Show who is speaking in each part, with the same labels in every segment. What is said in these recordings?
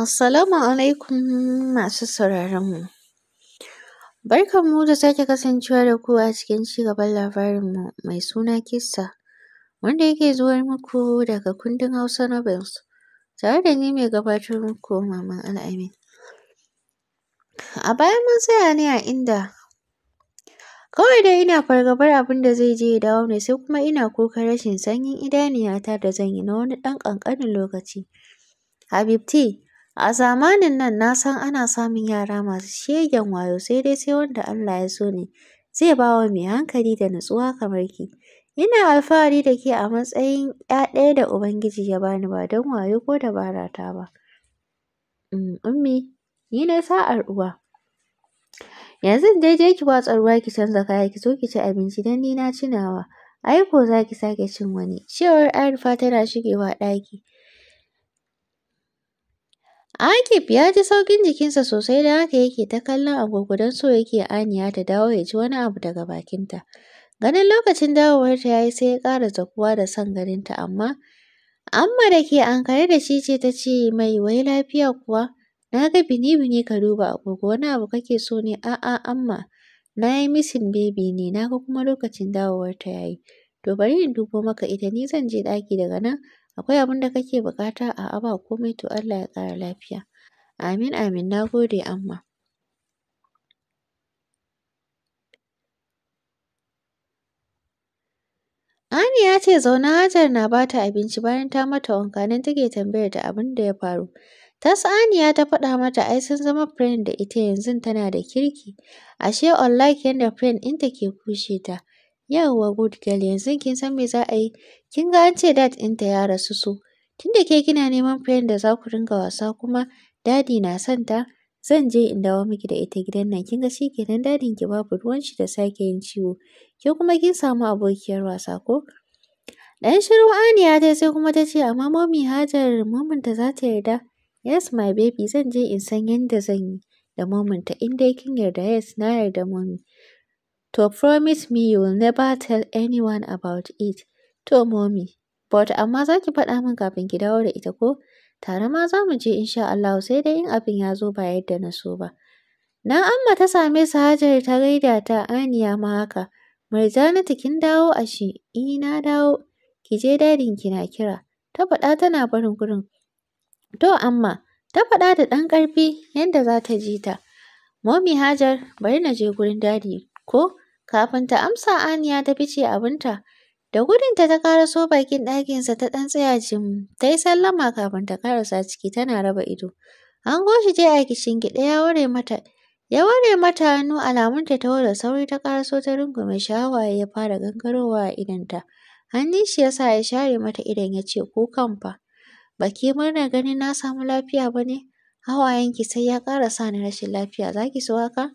Speaker 1: Assalamu alaikum masu sauraron mu. Barkan mu da sake kasancewa da ku a cikin cigaban labarin mu mai suna kissa wanda yake zuwa muku daga kundin Hausa Novels tare da ni mai gabatar muku Maman Al'amin. A baya mun tsaya ne a inda kawai dai ina fargabar abin da zai je ya dawo ne sai kuma ina kuka rashin sanyin idaniyata da zan yi na wani ɗan ƙanƙanin lokaci. Habib A zamanin nan na san ana samun yara masu shegen wayo sai dai sai wanda Allah ya so ne zai bawa mai hankali da nutsuwa kamar ki. Ina alfahari da ke a matsayin ‘ya ɗaya da Ubangiji ya bani ba don wayo ko dabara ta ba. Mm, ummi, ni na sa'ar uwa. Yanzu dai je ki watsa ruwa ki canza kaya ki zo ki ci abinci don ni na cinawa. Ai ko za ki sake cin wani. Cewar Arifa tana shigewa ɗaki. Akif ya ji saukin jikinsa sosai da haka yake ta kallon agogo don so yake aniya ta dawo ya ji wani abu daga bakinta. Ganin lokacin dawowarta ya yi sai ya ƙara zakuwa da son garinta, amma amma da ke ankare da shi ce ta ce mai wai lafiya kuwa na ga bini-bini ka duba agogo wani abu kake so ne a'a amma na yi misin bebi ne na ga kuma lokacin dawowarta ya yi to bari in dubo maka ita ni zan je ɗaki daga nan akwai abin da kake buƙata a ba komai to Allah ya ƙara lafiya amin amin na gode amma Ani ya ce zauna Hajar na bata abinci bayan ta mata wanka nan take tambayar ta abin da ya faru. Ta Aniya ta faɗa mata ai sun zama friend da ita yanzu tana da kirki. Ashe unlike yanda friend ɗinta ke kushe ta. Yawwa good girl yanzu kin san me za a yi. Kin ga an ce dad ɗinta ya rasu su. Tunda ke kina neman friend da za ku ringa wasa kuma dadi na son ta. Zan je in dawo miki da ita gidan nan kin ga shi kenan dadin ki babu ruwan shi da sake yin ciwo. Ke kuma kin samu abokiyar wasa ko? Dan shiru Aniya ta sai kuma ta ce amma mommy Hajar mominta za ta yarda. Yes my baby zan je in san yadda zan yi da mominta in dai kin yarda yes na yarda mommy. To promise me you will never tell anyone about it. To mommy, but amma za ki faɗa min kafin ki dawo da ita ko? Tare ma za mu je insha Allah sai dai in abin ya zo ba yadda na so ba. Na amma ta same su Hajar ta gaida ta Aniya ma haka. Murjanatu kin dawo ashe, shi. Eh, Ina dawo. Ki je dadin ki na kira. Ta faɗa tana barin gurin. To amma ta faɗa da ɗan ƙarfi yadda za ta ji ta. Mommy Hajar bari na je gurin dadi ko? Kafin ta amsa Aniya ta fice abinta. Da gudunta ta karaso bakin ɗakinsa ta ɗan tsaya jim, ta yi sallama kafin ta karasa ciki tana raba ido. An goshi je a kishingiɗe ya ware mata ya ware mata hannu alamunta ta wada sauri ta karaso ta rungume shi hawaye ya fara gangarowa a idonta. Hannun shi ya sa ya share mata idan ya ce ko kan fa. Baki murna ganin na samu lafiya ba ne? Hawayenki sai ya ƙara sa ni rashin lafiya, za ki so haka?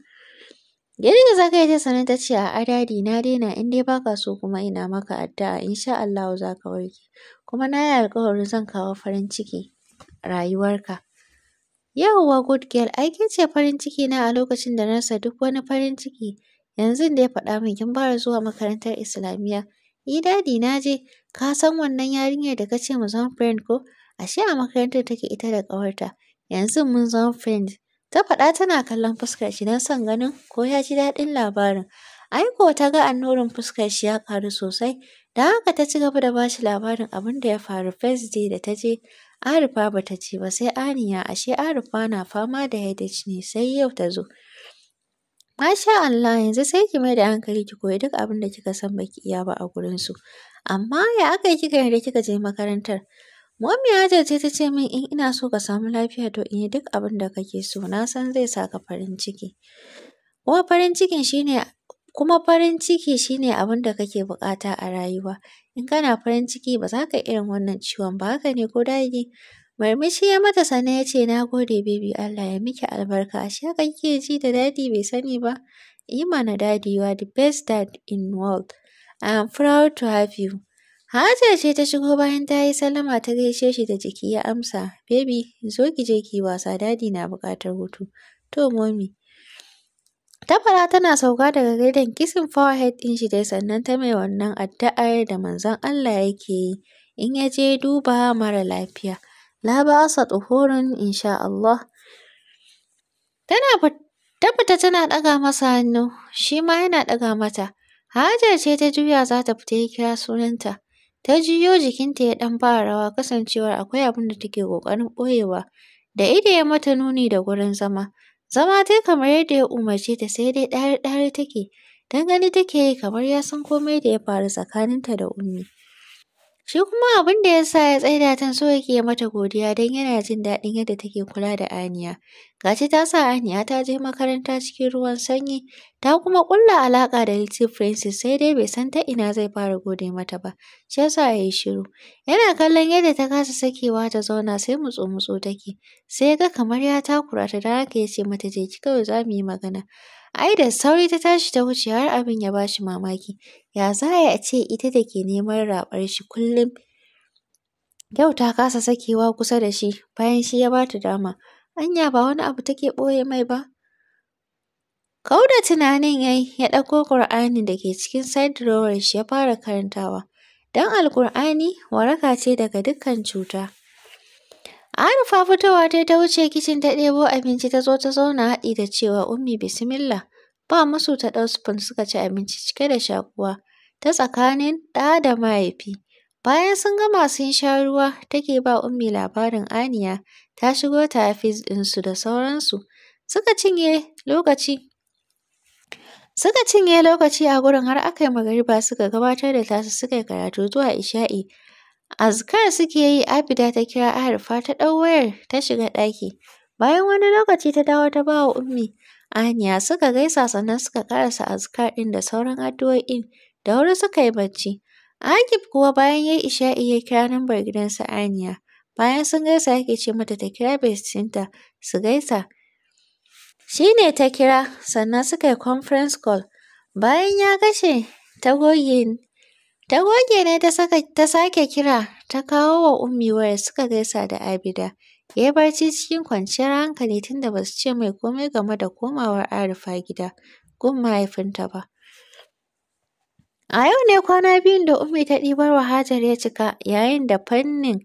Speaker 1: Girgiza yi ta sanar ta ce a adadi na daina in dai baka so kuma ina maka addu'a insha Allah za ka warke kuma na yi alƙawarin zan kawo farin ciki rayuwarka. Yawwa good girl ai kin ce farin ciki na a lokacin da na rasa duk wani farin ciki yanzu da ya faɗa min kin fara zuwa makarantar Islamiyya. Ni eh, dadi na je ka san wannan yarinyar da ka ce mu zama friend ko ashe a makarantar take ita da ƙawarta yanzu mun zama friend Ta faɗa tana kallon fuskar shi don son ganin ko ya ji daɗin labarin. Aiko ta ga annorin fuskar shi ya ƙaru sosai, don haka ta ci gaba da ba shi labarin abin da ya faru first day da ta je. Arifa ba ta ce ba sai Aniya, ashe Arifa na fama da headache ne sai yau ta zo. Masha Allah yanzu sai ki mai da hankali ki koyi duk abin da kika san baki iya ba a gurinsu. Amma ya aka yi kika yanda kika je makarantar? Muhammiyata ce ta ce min in ina so ka samu lafiya to in yi duk abin da kake so na san zai sa ka farin ciki. Kuma farin cikin shine kuma farin ciki shine abin da kake buƙata a rayuwa. In kana farin ciki ba za ka irin wannan ciwon ba haka ne ko dadi? Marmishi ya mata sana ya ce na gode baby Allah ya miki albarka ashe haka kike ji da dadi bai sani ba. Yi mana daddy you are the best dad in world. I am proud to have you. hajar ce ta shigo bayan ta yi sallama ta gaishe shi da jiki ya amsa, Baby, zo ki je ki wasa, dadi na bukatar hutu. To, mommy. Tafara tana sauka daga gadon kisin forehead ɗin shi dai sannan ta mai wannan addu'ar da manzon Allah yake yi in ya je duba mara lafiya. La ba'asa tsuhurin insha Allah. Tana fita tana ɗaga masa hannu, shi ma yana ɗaga mata. Hajar ce ta juya za ta fita ya kira sunanta. Ta jiyo jikinta ya ɗan fara rawa kasancewar akwai abin da take ƙoƙarin ɓoyewa. Da ido ya mata nuni da gurin zama. Zama ta kamar yadda ya umarce ta sai dai ɗari-ɗari take. Don gani take yi kamar ya san komai da ya faru tsakaninta da Ummi. Shi kuma abin da ya sa ya tsaida ta so yake mata godiya don yana jin daɗin yadda take kula da Aniya. Gashi ta sa Aniya ta je makaranta cikin ruwan sanyi, ta kuma ƙulla alaƙa da Little Princess sai dai bai san ta ina zai fara gode mata ba, shi ya sa ya yi shiru. Yana kallon yadda ta kasa sakewa ta zauna sai mutsu-mutsu take, sai ya ga kamar ya takura ta don haka ya ce mata je ki kawai za mu yi magana. Ai da sauri ta tashi ta wuce har abin ya bashi mamaki. Ya za a ce ita da ke neman raɓar shi kullum yau ta kasa sakewa kusa da shi bayan shi ya bata dama. Anya ba wani abu take ɓoye mai ba? Kau da tunanin yayi ya ɗauko kur'ani da ke cikin side drawer shi ya fara karantawa. Don Alƙur'ani waraka ce daga dukkan cuta. Arufa fitowa ta ta wuce kicin ta ɗebo abinci ta zo ta zauna haɗi da cewa ummi bismillah. Ba musu ta ɗau spoon suka ci abinci cike da shakuwa ta tsakanin ɗa da mahaifi. Bayan sun gama sun sha ruwa take ba ummi labarin Aniya ta shigo ta hafiz ɗinsu da sauransu. Suka cinye lokaci Suka cinye lokaci a gurin har aka yi magariba suka gabatar da tasu suka yi karatu zuwa isha'i Azkar suke yi Abida ta kira Arifa ta ɗau wayar ta shiga ɗaki. Bayan wani lokaci ta dawo ta ba wa Ummi Aniya suka gaisa sannan suka karasa azkar ɗin da sauran addu'o'in da wuri suka yi bacci. Akif kuwa bayan ya yi isha'i ya kira lambar gidansa Aniya. Bayan sun gaisa yake ce mata ta kira bestinta su gaisa. Shi ne ta kira sannan suka yi conference call. Bayan ya kashe goge. Ta goge ne ta sake kira ta kawo wa Ummi waya suka gaisa da Abida. Ya barci cikin kwanciyar hankali tunda ba su ce mai komai game da komawar Arifa gida gun mahaifinta ba. A yau ne kwana biyun da Ummi ta ɗibar wa Hajar ya cika yayin da fannin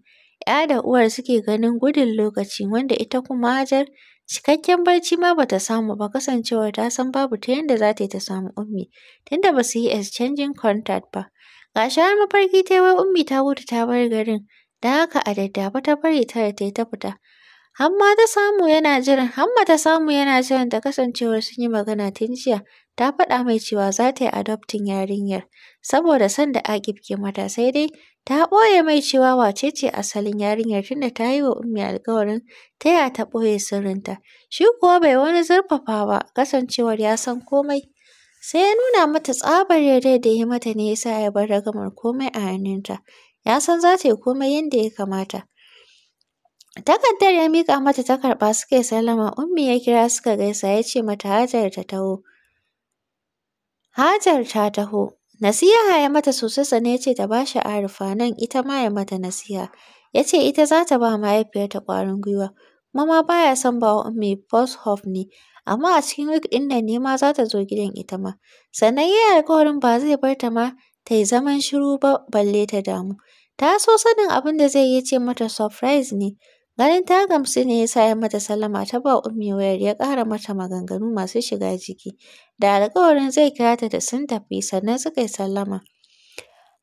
Speaker 1: ‘ya da uwar suke ganin gudun lokaci wanda ita kuma Hajar cikakken barci ma bata samu ba kasancewar ta san babu ta yanda za ta yi ta samu Ummi tunda ba su yi exchanging contact ba. Gashi har mafarki ta wai Ummi ta gudu ta bar garin, da haka a ba ta bari ta da ta yi ta fita. Hamma ta samu yana jiran, Hamma ta samu yana jiran da kasancewar sun yi magana tun jiya, ta faɗa mai cewa za ta yi adoptin yarinyar, saboda son da a ke mata sai dai ta ɓoye mai cewa wace ce asalin yarinyar tunda ta yi wa Ummi alƙawarin taya ta ɓoye sirrinta. Shi kuwa bai wani zurfafa ba, kasancewar ya san komai. Sai ya nuna mata tsabar yadda da ya mata ne yasa ya bar ragamar komai a hannunta. Ya san za ta yi komai yadda ya kamata. Takardar ya miƙa mata ta karɓa suka yi sallama. Ummi ya kira suka gaisa ya ce mata Hajar ta taho. Hajar ta taho. Nasiha ya mata sosai sannan ya ce ta ba shi arifa nan ita ma ya mata nasiha. Ya ce ita za ta ba mahaifiyarta ƙwarin gwiwa. Kuma ma ba ya son ba wa Ummi Boshov ne. amma a cikin wik ɗin nan ne ma za ta zo gidan ita ma. Sannan ya yi alƙawarin ba zai bar ta ma ta yi zaman shiru ba balle ta damu. Ta so sanin abin da zai yi ce mata surprise ne. Ganin ta gamsu ne ya sa ya mata sallama ta ba ummi wayar ya ƙara mata maganganu masu shiga jiki. Da alƙawarin zai kira ta da sun tafi sannan suka yi sallama.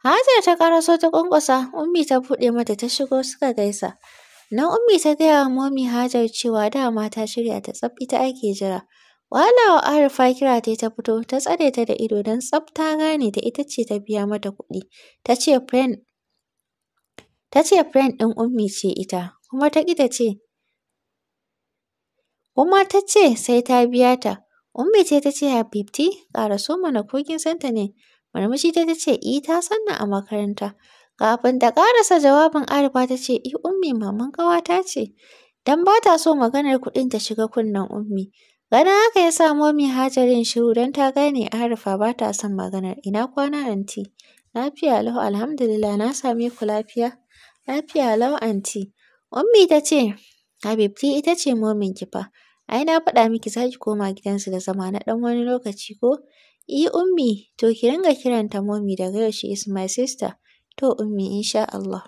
Speaker 1: Hajara ta ƙaraso ta ƙwanƙwasa, ummi ta buɗe mata ta shigo suka gaisa. Na'omi ta gaya wa Momi Hajar cewa dama ta shirya ta tsaf ita ake jira. Wahala wa Arifa kira ta ta fito ta tsare ta da ido don tsaf ta gane da ita ce ta biya mata kuɗi. Ta ce friend ta ɗin Ummi ce ita kuma ta ƙi ta ce kuma ta ce sai ta biya ta. Ummi ce ta ce Habibti ƙara so mana ko kin santa ne. Murmushi ta ce i eh, ta a makaranta. Kafin ta karasa jawabin Arifa ta ce, i eh, ummi maman kawata ce, don ba ta so maganar kuɗin ta shiga kunnen ummi. Ganin haka ya sa momi hajarin shiru don ta gane Arifa ba ta son maganar, ina kwana anti? Lafiya lau alhamdulillah na same ku lafiya. Lafiya lau anti. Ummi ta ce, Habibti ita ce momin ki fa. Ai na faɗa miki za ki koma gidansu da zama na ɗan wani lokaci ko? I eh, ummi, to ki ringa kiranta momi daga yau she is my sister. To ummi insha Allah.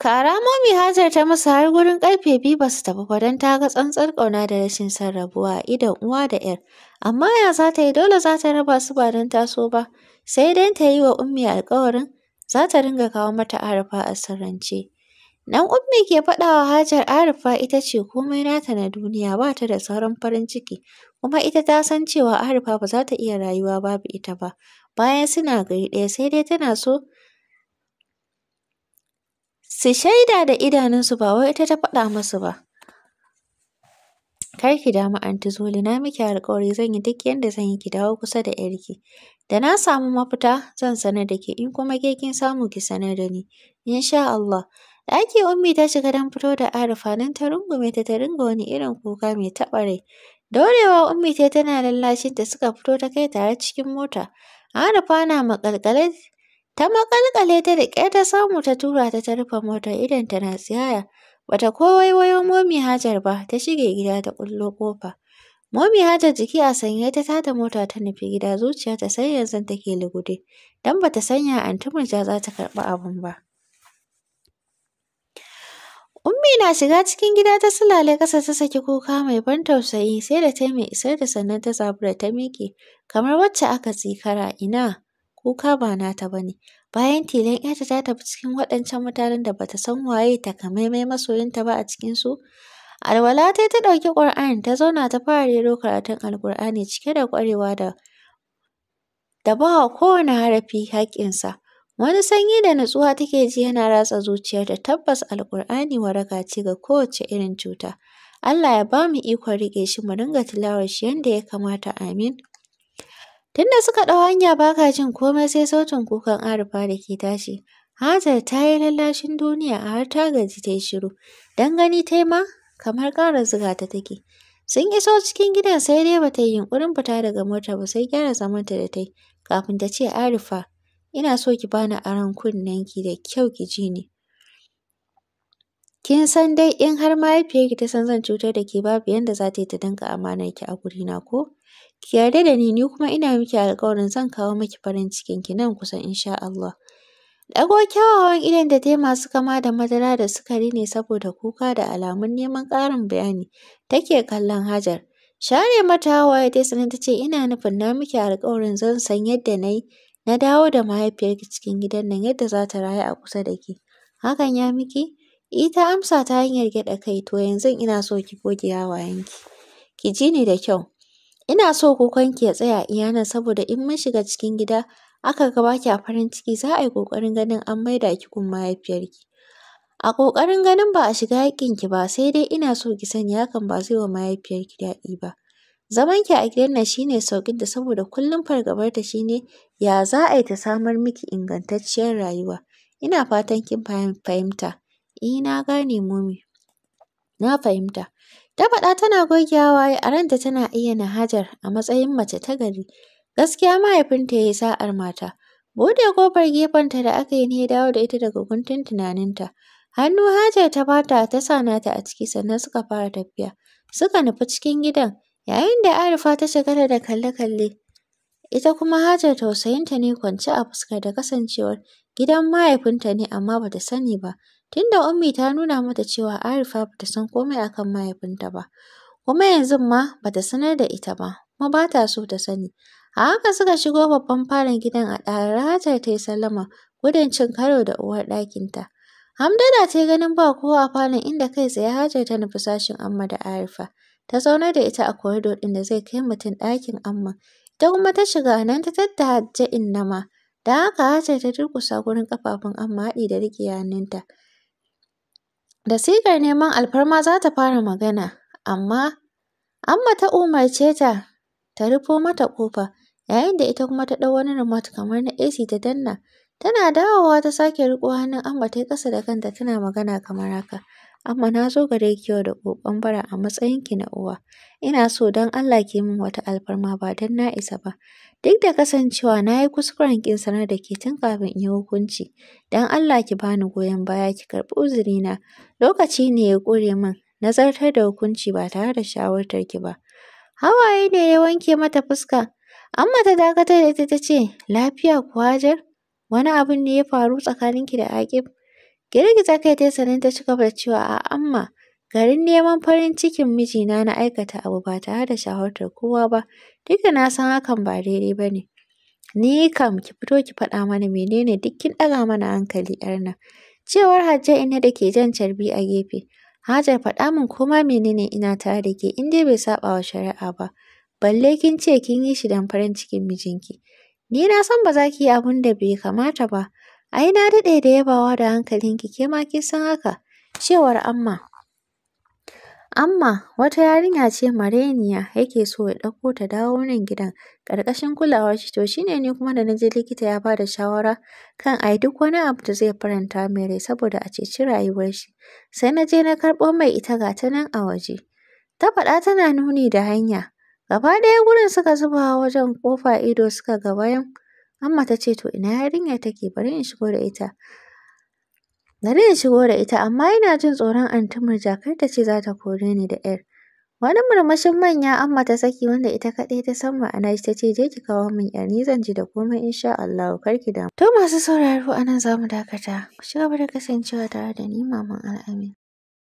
Speaker 1: Kara Hajar ta musu har gurin karfe biyu ba su tafi ba don ta ga tsantsar ƙauna da rashin sarrabuwa rabuwa a idon uwa da ‘yar. Amma ya za ta yi dole za ta raba su ba don taso ba, sai don ta yi wa ummi alƙawarin za ta ringa kawo mata arafa a sarrance Nan ummi ke faɗawa Hajar arafa ita ce komai nata na duniya ba ta da sauran farin ciki, kuma ita ta san cewa arafa ba za ta iya rayuwa babu ita ba, bayan suna gari ɗaya sai dai tana so su shaida da idanunsu ba wai ita ta faɗa masu ba. Kar ki damu anti zoli na miki alƙawari zan yi duk yadda zan yi ki dawo kusa da yarki. Da na samu mafita zan sanar da ke in kuma ke kin samu ki sanar da ni insha Allah. Ɗaki Ummi ta shiga don fito da Arifa nan ta rungume ta ta ringa wani irin kuka mai taɓa rai. Daurewa Ummi ta tana lallashin ta suka fito ta kai tare cikin mota. Arifa na maƙalƙale ta maƙalƙale ta riƙe ta samu ta tura ta ta rufe motar idonta na tsiyaya. Bata kowai wayo Momi Hajar ba ta shige gida ta ƙullo ƙofa. Momi Hajar jiki a sanye ta tada mota ta nufi gida zuciya ta sai yanzu take lugude don bata sanya anti Murja za ta karɓi abin ba. Ummi na shiga cikin gida ta sulale ƙasa ta saki kuka mai ban tausayi sai da ta mai isar da sannan ta zabura ta miƙe kamar wacce aka tsikara ina kuka ba nata bane bayan tilan ƴata ta tafi cikin waɗancan mutanen da bata san waye ta takamaimai masoyinta ba a cikin su alwala tai ta ɗauki ƙur'ani ta zauna ta fara rero karatun alƙur'ani cike da ƙwarewa da da bawa kowane harafi haƙƙinsa Wani sanyi da nutsuwa take ji yana ratsa zuciyarta tabbas Alƙur'ani waraka ce ga kowace irin cuta. Allah ya ba mu ikon riƙe shi mu dinga tilawar shi yanda ya kamata amin. Tunda suka ɗau hanya ba ka jin komai sai sautin kukan arufa da ke tashi. Hajar ta yi lallashin duniya a har ta gaji ta yi shiru. Don gani ta ma kamar ƙara zuga ta take. Sun iso cikin gidan sai dai ba ta yi yunƙurin fita daga mota ba sai gyara zamanta da ta yi kafin ta ce Arifa. ina so ki bani aron kunnen ki da kyau ki ji ni. Kin san dai in har mahaifiyarki ta san zan cutar da ke babu yanda za ta yi ta danka dinga ki a guri na ko? Ki yarda da ni ni kuma ina miki alƙawarin zan kawo miki farin cikin ki nan kusa insha Allah. Ɗago kyawawan idon da tai masu kama da madara da sukari ne saboda kuka da alamun neman ƙarin bayani take kallon Hajar. Share mata hawaye tai sannan ta ce ina nufin na miki alƙawarin zan san yadda na yi Na dawo da mahaifiyarki cikin gidan nan yadda za ta rayu a kusa da ke. Hakan ya miki? ita eh, ta amsa ta hanyar gyaɗa kai. To yanzu ina so ki goge hawayenki. Ki ji ni da kyau. Ina so kukanki ya tsaya iya nan saboda in mun shiga cikin gida aka ga baki a farin ciki za a yi ƙoƙarin ganin an maida ki gun mahaifiyarki. A ƙoƙarin ganin ba a shiga haƙƙinki ba sai dai ina so ki sani hakan ba zai wa mahaifiyarki daɗi ba. Zaman ki a gidan nan shi ne da saboda kullum fargabarta shi ne ya za a yi ta samar miki ingantacciyar rayuwa. Ina fatan kin fahimta. E, na gane Mummy. Na fahimta. Ta faɗa tana goge waye a ranta tana na Hajar a matsayin mace ta gari. Gaskiya mahaifinta ya yi sa'ar mata. Buɗe ƙofar gefenta da aka yi ne ya dawo da ita daga guntun tunaninta. Hannu Hajar ta bata ta sa nata a ciki sannan suka fara tafiya. Suka nufi cikin gidan. Yayin da Arifa ta shiga da kalle-kalle, ita kuma Hajar tausayinta ne kwance a fuskar da kasancewar gidan mahaifinta ne amma bata sani ba, tunda Ummi ta nuna mata cewa Arifa bata san komai akan mahaifinta ba, kuma yanzu ma bata sanar da ita ba, kuma bata so ta sani. A haka suka shigo babban falon gidan a ɗarar Hajar yi sallama gudun cin karo da uwar ɗakinta. ta tayi ganin ba kowa a falon inda kai tsaye Hajar ta nufi sashin Amma da Arifa. ta zaunar da ita a corridor ɗin da zai kai mutum ɗakin amma ita kuma ta shiga nan ta tattara ta innama da haka Hajar ta durƙusa gurin kafafun amma haɗi da riƙe hannunta da sigar neman alfarma za ta fara magana amma amma ta umarce ta ta rufo mata ƙofa yayin da ita kuma ta ɗau wani remote kamar na AC ta danna tana dawowa ta sake riƙo hannun amma ta yi ƙasa da kanta tana magana kamar haka amma na zo gare ki yau da ƙoƙon bara a matsayinki na uwa. Ina so don Allah ki min wata alfarma ba don na isa ba. Duk da kasancewa na yi kuskuren ƙin sanar da ke tun kafin in yi hukunci, don Allah ki bani goyon baya ki karɓi uzurina. Lokaci ne ya ƙure min na zartar da hukunci ba tare da shawartar ki ba. Hawaye ne ya wanke mata fuska. Amma ta dakatar da ita ta ce, lafiya kuwa Hajar? Wani abin ne ya faru tsakaninki da Aƙib? Girgiza kai tai sannan ta ci gaba da cewa a amma garin neman farin cikin mijina na aikata abu ba tare da shawartar kowa ba duk na san hakan ba daidai ba ne. Ni kam ki fito ki faɗa mana menene duk kin ɗaga mana hankali ƴar nan. Cewar Hajja ina da ke jan carbi a gefe. Hajar faɗa min koma menene ina tare da ke in dai bai saɓa wa shari'a ba. Balle kin ce kin yi shi don farin cikin mijinki. Ni na san ba za ki yi abun da bai kamata ba. Ai na daɗe da yabawa da hankalinki ke ma ki san haka, cewar Amma. Amma wata yarinya ce mareniya yake so ya ɗauko ta dawo nan gidan ƙarƙashin kulawar shi to shine ni kuma da na je likita ya bada shawara kan ai duk wani abu da zai faranta mai rai saboda a ceci rayuwar shi. Sai na je na karɓo mai ita ga ta nan a waje. Ta faɗa tana nuni da hanya. Gaba ɗaya gurin suka zubawa wajen ƙofa ido suka ga bayan Amma ta ce to ina yarinya take bari in shigo da ita. Bari in shigo da ita amma ina jin tsoron anti murja kar ta ce za ta kore ni da ‘yar. Wani murmushin manya amma ta saki wanda ita kadai ta san ma'ana ta ce je ki kawo min ‘yar ni zan ji da komai insha Allah kar ki damu. To masu sauraro a nan za dakata. Ku shiga bar da kasancewa tare da ni maman al'amin.